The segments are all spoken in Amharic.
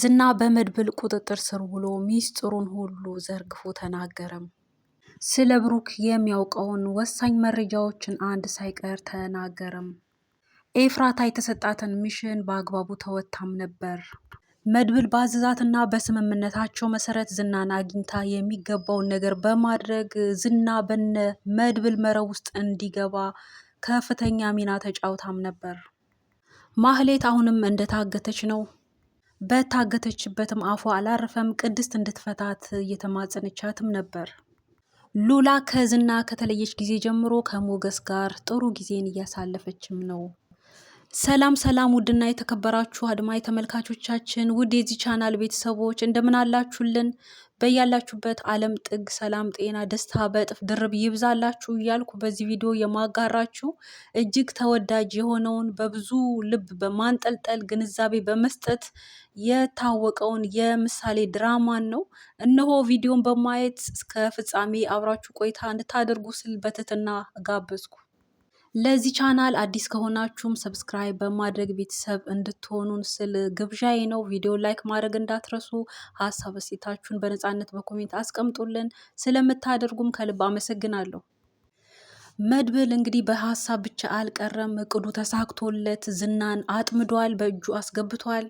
ዝና በመድብል ቁጥጥር ስር ውሎ ሚስጥሩን ሁሉ ዘርግፎ ተናገረም። ስለ ብሩክ የሚያውቀውን ወሳኝ መረጃዎችን አንድ ሳይቀር ተናገረም። ኤፍራታ የተሰጣትን ሚሽን በአግባቡ ተወታም ነበር። መድብል በአዘዛትና በስምምነታቸው መሰረት ዝናን አግኝታ የሚገባውን ነገር በማድረግ ዝና በነ መድብል መረብ ውስጥ እንዲገባ ከፍተኛ ሚና ተጫውታም ነበር። ማህሌት አሁንም እንደታገተች ነው። በታገተችበትም አፏ አላረፈም። ቅድስት እንድትፈታት እየተማጸነቻትም ነበር። ሉላ ከዝና ከተለየች ጊዜ ጀምሮ ከሞገስ ጋር ጥሩ ጊዜን እያሳለፈችም ነው። ሰላም ሰላም፣ ውድና የተከበራችሁ አድማጭ ተመልካቾቻችን ውድ የዚህ ቻናል ቤተሰቦች እንደምን አላችሁልን? በያላችሁበት ዓለም ጥግ ሰላም፣ ጤና፣ ደስታ በእጥፍ ድርብ ይብዛላችሁ እያልኩ በዚህ ቪዲዮ የማጋራችሁ እጅግ ተወዳጅ የሆነውን በብዙ ልብ በማንጠልጠል ግንዛቤ በመስጠት የታወቀውን የምሳሌ ድራማን ነው። እነሆ ቪዲዮን በማየት እስከ ፍጻሜ አብራችሁ ቆይታ እንድታደርጉ ስል በትህትና ጋበዝኩ። ለዚህ ቻናል አዲስ ከሆናችሁም ሰብስክራይብ በማድረግ ቤተሰብ እንድትሆኑን ስል ግብዣዬ ነው። ቪዲዮ ላይክ ማድረግ እንዳትረሱ፣ ሀሳብ ሴታችሁን በነፃነት በኮሜንት አስቀምጡልን። ስለምታደርጉም ከልብ አመሰግናለሁ። መድብል እንግዲህ በሀሳብ ብቻ አልቀረም፣ እቅዱ ተሳክቶለት ዝናን አጥምዷል፣ በእጁ አስገብቷል።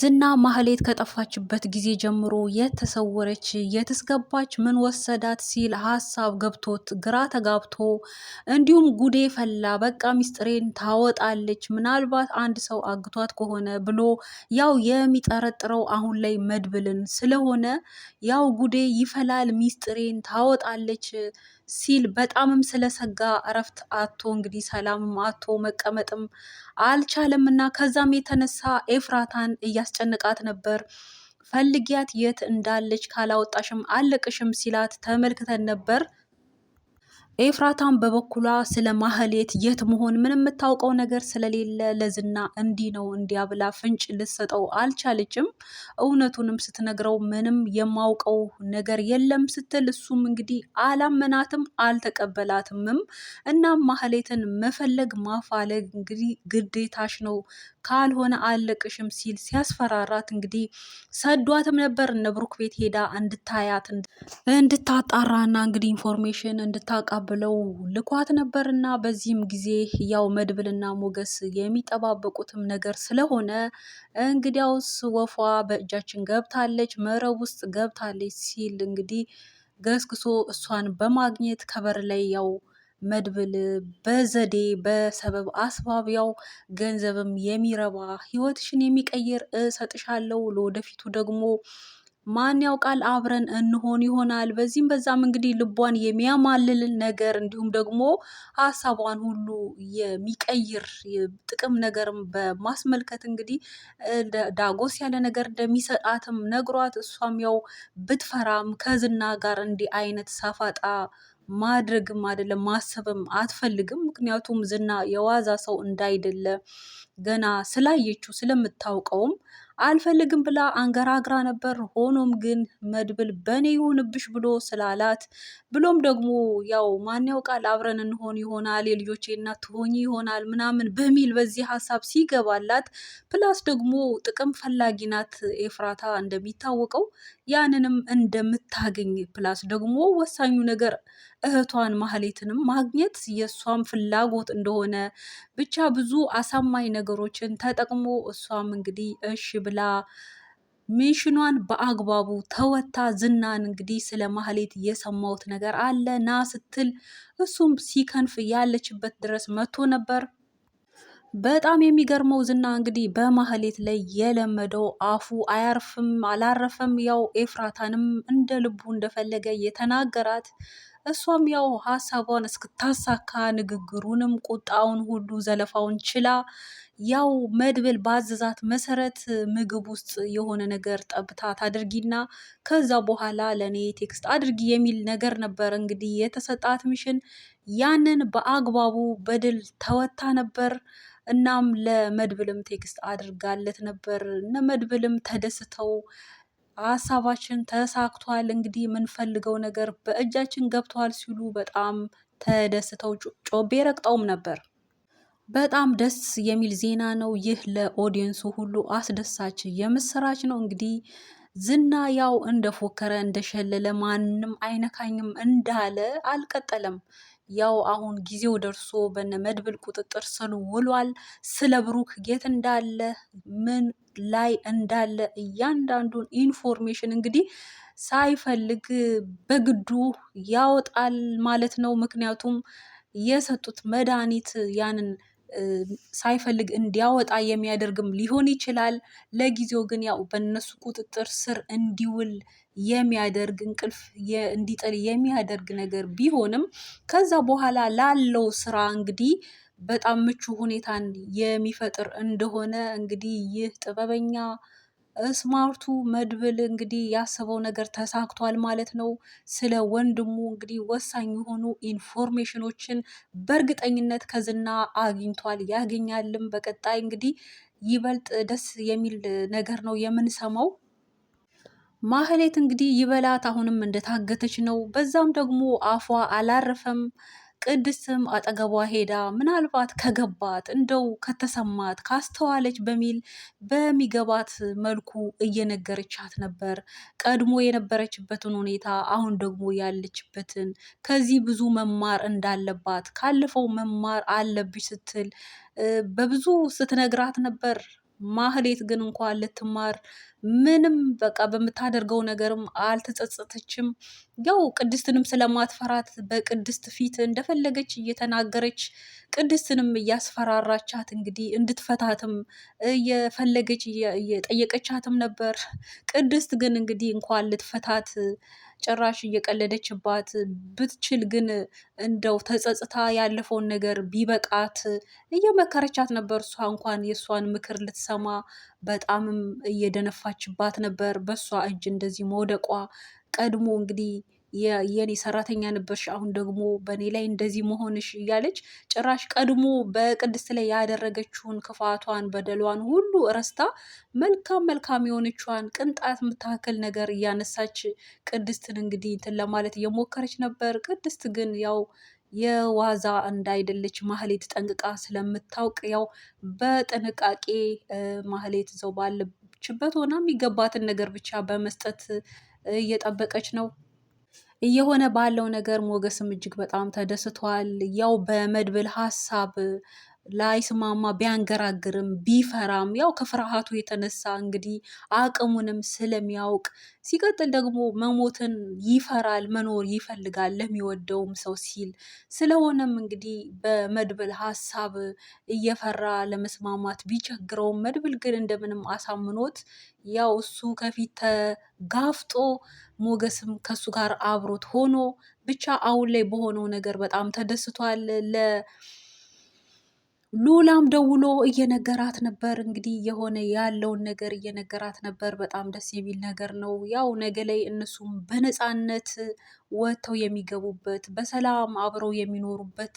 ዝና ማህሌት ከጠፋችበት ጊዜ ጀምሮ የተሰወረች የተስገባች ምን ወሰዳት ሲል ሀሳብ ገብቶት ግራ ተጋብቶ እንዲሁም ጉዴ ፈላ፣ በቃ ሚስጥሬን ታወጣለች፣ ምናልባት አንድ ሰው አግቷት ከሆነ ብሎ ያው የሚጠረጥረው አሁን ላይ መድብልን ስለሆነ ያው ጉዴ ይፈላል፣ ሚስጥሬን ታወጣለች ሲል በጣምም ስለሰጋ እረፍት አቶ እንግዲህ ሰላምም አቶ መቀመጥም አልቻለም እና ከዛም የተነሳ ኤፍራታን እያስጨነቃት ነበር። ፈልጊያት የት እንዳለች ካላወጣሽም አለቅሽም ሲላት ተመልክተን ነበር። ኤፍራታን በበኩሏ ስለ ማህሌት የት መሆን ምን የምታውቀው ነገር ስለሌለ ለዝና እንዲ ነው እንዲያ ብላ ፍንጭ ልሰጠው አልቻለችም። እውነቱንም ስትነግረው ምንም የማውቀው ነገር የለም ስትል እሱም እንግዲህ አላመናትም አልተቀበላትምም። እናም ማህሌትን መፈለግ ማፋለግ እንግዲህ ግዴታሽ ነው ካልሆነ አለቅሽም ሲል ሲያስፈራራት እንግዲህ ሰዷትም ነበር እነ ብሩክ ቤት ሄዳ እንድታያት እንድታጣራና እንግዲህ ኢንፎርሜሽን እንድታቃብ ብለው ልኳት ነበርና በዚህም ጊዜ ያው መድብልና ሞገስ የሚጠባበቁትም ነገር ስለሆነ እንግዲያውስ ወፏ በእጃችን ገብታለች፣ መረብ ውስጥ ገብታለች ሲል እንግዲህ ገስግሶ እሷን በማግኘት ከበር ላይ ያው መድብል በዘዴ በሰበብ አስባብ ያው ገንዘብም የሚረባ ህይወትሽን የሚቀይር እሰጥሻለሁ ለወደፊቱ ደግሞ ማን ያውቃል አብረን እንሆን ይሆናል። በዚህም በዛም እንግዲህ ልቧን የሚያማልል ነገር እንዲሁም ደግሞ ሀሳቧን ሁሉ የሚቀይር ጥቅም ነገርም በማስመልከት እንግዲህ ዳጎስ ያለ ነገር እንደሚሰጣትም ነግሯት እሷም ያው ብትፈራም ከዝና ጋር እንዲህ አይነት ሳፋጣ ማድረግም አይደለም ማሰብም አትፈልግም። ምክንያቱም ዝና የዋዛ ሰው እንዳይደለ ገና ስላየችው ስለምታውቀውም አልፈልግም ብላ አንገራግራ ነበር። ሆኖም ግን መድብል በእኔ ይሁንብሽ ብሎ ስላላት ብሎም ደግሞ ያው ማን ያውቃል አብረን እንሆን ይሆናል የልጆቼ እናት ትሆኝ ይሆናል ምናምን በሚል በዚህ ሀሳብ ሲገባላት ፕላስ ደግሞ ጥቅም ፈላጊ ናት ኤፍራታ እንደሚታወቀው ያንንም እንደምታገኝ ፕላስ ደግሞ ወሳኙ ነገር እህቷን ማህሌትንም ማግኘት የእሷም ፍላጎት እንደሆነ ብቻ ብዙ አሳማኝ ነገሮችን ተጠቅሞ እሷም እንግዲህ እሺ ብላ ሚሽኗን በአግባቡ ተወታ። ዝናን እንግዲህ ስለ ማህሌት የሰማሁት ነገር አለ ና ስትል እሱም ሲከንፍ ያለችበት ድረስ መጥቶ ነበር። በጣም የሚገርመው ዝና እንግዲህ በማህሌት ላይ የለመደው አፉ አያርፍም አላረፈም። ያው ኤፍራታንም እንደ ልቡ እንደፈለገ የተናገራት እሷም ያው ሀሳቧን እስክታሳካ ንግግሩንም፣ ቁጣውን ሁሉ ዘለፋውን ችላ ያው መድብል ባዘዛት መሰረት ምግብ ውስጥ የሆነ ነገር ጠብታ ታድርጊና ከዛ በኋላ ለእኔ ቴክስት አድርጊ የሚል ነገር ነበር እንግዲህ የተሰጣት ሚሽን። ያንን በአግባቡ በድል ተወታ ነበር። እናም ለመድብልም ቴክስት አድርጋለት ነበር። እነ መድብልም ተደስተው ሀሳባችን ተሳክቷል፣ እንግዲህ የምንፈልገው ነገር በእጃችን ገብቷል ሲሉ በጣም ተደስተው ጮቤ ረግጠውም ነበር። በጣም ደስ የሚል ዜና ነው። ይህ ለኦዲየንሱ ሁሉ አስደሳች የምስራች ነው። እንግዲህ ዝና ያው እንደፎከረ እንደሸለለ ማንም አይነካኝም እንዳለ አልቀጠለም። ያው አሁን ጊዜው ደርሶ በነ መድብል ቁጥጥር ስር ውሏል። ስለ ብሩክ ጌት እንዳለ ምን ላይ እንዳለ እያንዳንዱን ኢንፎርሜሽን እንግዲህ ሳይፈልግ በግዱ ያወጣል ማለት ነው። ምክንያቱም የሰጡት መድኃኒት ያንን ሳይፈልግ እንዲያወጣ የሚያደርግም ሊሆን ይችላል። ለጊዜው ግን ያው በእነሱ ቁጥጥር ስር እንዲውል የሚያደርግ እንቅልፍ እንዲጥል የሚያደርግ ነገር ቢሆንም ከዛ በኋላ ላለው ስራ እንግዲህ በጣም ምቹ ሁኔታን የሚፈጥር እንደሆነ እንግዲህ ይህ ጥበበኛ ስማርቱ መድብል እንግዲህ ያሰበው ነገር ተሳክቷል ማለት ነው። ስለ ወንድሙ እንግዲህ ወሳኝ የሆኑ ኢንፎርሜሽኖችን በእርግጠኝነት ከዝና አግኝቷል፣ ያገኛልም። በቀጣይ እንግዲህ ይበልጥ ደስ የሚል ነገር ነው የምንሰማው። ማህሌት እንግዲህ ይበላት አሁንም እንደታገተች ነው። በዛም ደግሞ አፏ አላረፈም። ቅድስትም አጠገቧ ሄዳ ምናልባት ከገባት እንደው ከተሰማት ካስተዋለች በሚል በሚገባት መልኩ እየነገረቻት ነበር። ቀድሞ የነበረችበትን ሁኔታ አሁን ደግሞ ያለችበትን ከዚህ ብዙ መማር እንዳለባት ካለፈው መማር አለብሽ ስትል በብዙ ስትነግራት ነበር። ማህሌት ግን እንኳን ልትማር ምንም በቃ በምታደርገው ነገርም አልተጸጸተችም። ያው ቅድስትንም ስለማትፈራት በቅድስት ፊት እንደፈለገች እየተናገረች ቅድስትንም እያስፈራራቻት እንግዲህ እንድትፈታትም እየፈለገች እየጠየቀቻትም ነበር። ቅድስት ግን እንግዲህ እንኳን ልትፈታት ጭራሽ እየቀለደችባት ብትችል ግን እንደው ተጸጽታ ያለፈውን ነገር ቢበቃት እየመከረቻት ነበር። እሷ እንኳን የእሷን ምክር ልትሰማ በጣምም እየደነፋችባት ነበር። በእሷ እጅ እንደዚህ መውደቋ ቀድሞ እንግዲህ የኔ ሰራተኛ ነበርሽ፣ አሁን ደግሞ በእኔ ላይ እንደዚህ መሆንሽ እያለች ጭራሽ ቀድሞ በቅድስት ላይ ያደረገችውን ክፋቷን በደሏን ሁሉ እረስታ መልካም መልካም የሆነችዋን ቅንጣት የምታክል ነገር እያነሳች ቅድስትን እንግዲህ እንትን ለማለት እየሞከረች ነበር። ቅድስት ግን ያው የዋዛ እንዳይደለች ማህሌት ጠንቅቃ ስለምታውቅ ያው በጥንቃቄ ማህሌት ዘው ባለችበት ሆና የሚገባትን ነገር ብቻ በመስጠት እየጠበቀች ነው። እየሆነ ባለው ነገር ሞገስም እጅግ በጣም ተደስቷል። ያው በመድብል ሀሳብ ላይስማማ ቢያንገራግርም ቢፈራም ያው ከፍርሃቱ የተነሳ እንግዲህ አቅሙንም ስለሚያውቅ ሲቀጥል ደግሞ መሞትን ይፈራል፣ መኖር ይፈልጋል ለሚወደውም ሰው ሲል ስለሆነም እንግዲህ በመድብል ሀሳብ እየፈራ ለመስማማት ቢቸግረውም መድብል ግን እንደምንም አሳምኖት ያው እሱ ከፊት ተጋፍጦ ሞገስም ከሱ ጋር አብሮት ሆኖ ብቻ አሁን ላይ በሆነው ነገር በጣም ተደስቷል። ሉላም ደውሎ እየነገራት ነበር። እንግዲህ የሆነ ያለውን ነገር እየነገራት ነበር። በጣም ደስ የሚል ነገር ነው። ያው ነገ ላይ እነሱም በነፃነት ወጥተው የሚገቡበት በሰላም አብረው የሚኖሩበት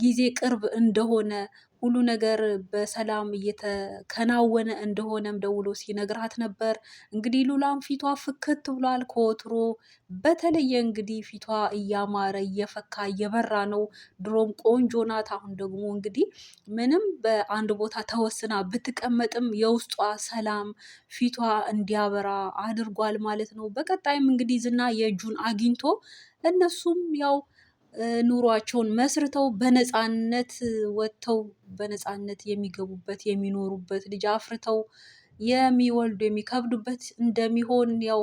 ጊዜ ቅርብ እንደሆነ ሁሉ ነገር በሰላም እየተከናወነ እንደሆነም ደውሎ ሲነግራት ነበር። እንግዲህ ሉላም ፊቷ ፍክት ብሏል ከወትሮ በተለየ እንግዲህ ፊቷ እያማረ እየፈካ እየበራ ነው። ድሮም ቆንጆ ናት። አሁን ደግሞ እንግዲህ ምንም በአንድ ቦታ ተወስና ብትቀመጥም የውስጧ ሰላም ፊቷ እንዲያበራ አድርጓል ማለት ነው። በቀጣይም እንግዲህ ዝና የእጁን አግኝቶ እነሱም ያው ኑሯቸውን መስርተው በነፃነት ወጥተው በነፃነት የሚገቡበት የሚኖሩበት ልጅ አፍርተው የሚወልዱ የሚከብዱበት እንደሚሆን ያው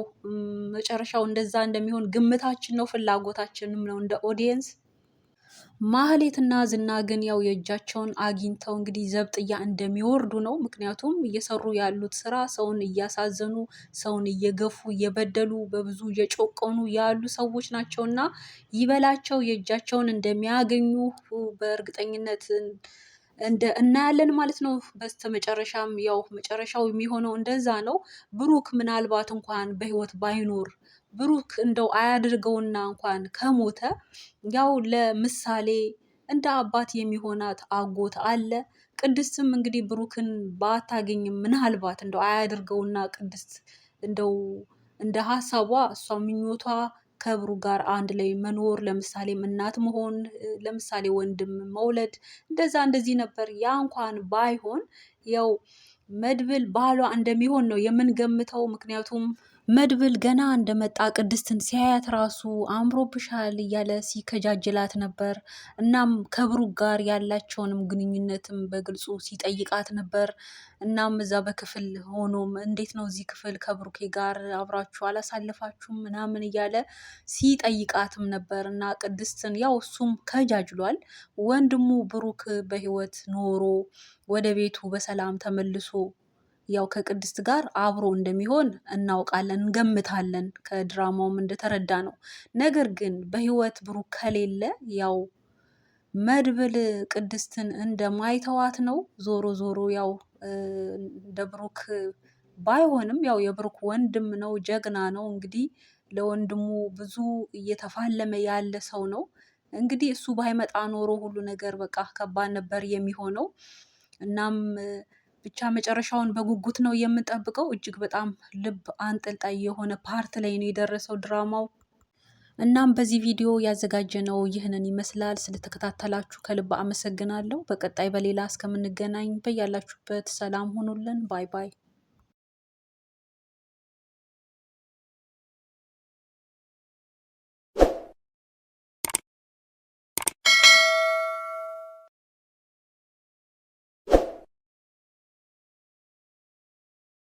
መጨረሻው እንደዛ እንደሚሆን ግምታችን ነው፣ ፍላጎታችንም ነው እንደ ኦዲየንስ። ማህሌትና ዝና ግን ያው የእጃቸውን አግኝተው እንግዲህ ዘብጥያ እንደሚወርዱ ነው። ምክንያቱም እየሰሩ ያሉት ስራ ሰውን እያሳዘኑ፣ ሰውን እየገፉ፣ እየበደሉ፣ በብዙ እየጮቀኑ ያሉ ሰዎች ናቸው እና ይበላቸው የእጃቸውን እንደሚያገኙ በእርግጠኝነት እንደ እናያለን ማለት ነው። በስተ መጨረሻም ያው መጨረሻው የሚሆነው እንደዛ ነው። ብሩክ ምናልባት እንኳን በህይወት ባይኖር ብሩክ እንደው አያድርገውና እንኳን ከሞተ ያው ለምሳሌ እንደ አባት የሚሆናት አጎት አለ። ቅድስትም እንግዲህ ብሩክን ባታገኝም ምናልባት እንደው አያድርገውና ቅድስት እንደው እንደ ሀሳቧ እሷ ምኞቷ ከብሩ ጋር አንድ ላይ መኖር ለምሳሌ እናት መሆን ለምሳሌ ወንድም መውለድ እንደዛ እንደዚህ ነበር። ያ እንኳን ባይሆን ያው መድብል ባሏ እንደሚሆን ነው የምንገምተው። ምክንያቱም መድብል ገና እንደመጣ ቅድስትን ሲያያት ራሱ አምሮብሻል እያለ ሲከጃጅላት ነበር። እናም ከብሩክ ጋር ያላቸውንም ግንኙነትም በግልጹ ሲጠይቃት ነበር። እናም እዛ በክፍል ሆኖም እንዴት ነው እዚህ ክፍል ከብሩኬ ጋር አብራችሁ አላሳለፋችሁም ምናምን እያለ ሲጠይቃትም ነበር እና ቅድስትን ያው እሱም ከጃጅሏል። ወንድሙ ብሩክ በህይወት ኖሮ ወደ ቤቱ በሰላም ተመልሶ ያው ከቅድስት ጋር አብሮ እንደሚሆን እናውቃለን፣ እንገምታለን። ከድራማውም እንደተረዳ ነው። ነገር ግን በህይወት ብሩክ ከሌለ ያው መድብል ቅድስትን እንደማይተዋት ነው። ዞሮ ዞሮ ያው እንደ ብሩክ ባይሆንም ያው የብሩክ ወንድም ነው፣ ጀግና ነው። እንግዲህ ለወንድሙ ብዙ እየተፋለመ ያለ ሰው ነው። እንግዲህ እሱ ባይመጣ ኖሮ ሁሉ ነገር በቃ ከባድ ነበር የሚሆነው እናም ብቻ መጨረሻውን በጉጉት ነው የምንጠብቀው። እጅግ በጣም ልብ አንጠልጣይ የሆነ ፓርት ላይ ነው የደረሰው ድራማው። እናም በዚህ ቪዲዮ ያዘጋጀነው ይህንን ይመስላል። ስለተከታተላችሁ ከልብ አመሰግናለሁ። በቀጣይ በሌላ እስከምንገናኝ በያላችሁበት ሰላም ሁኑልን። ባይ ባይ።